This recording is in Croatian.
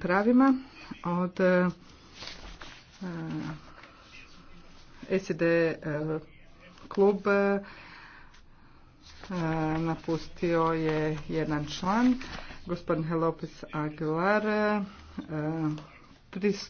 pravima od e, e, SED e, klub napustio je jedan član, gospodin Helopis Aguilar pristup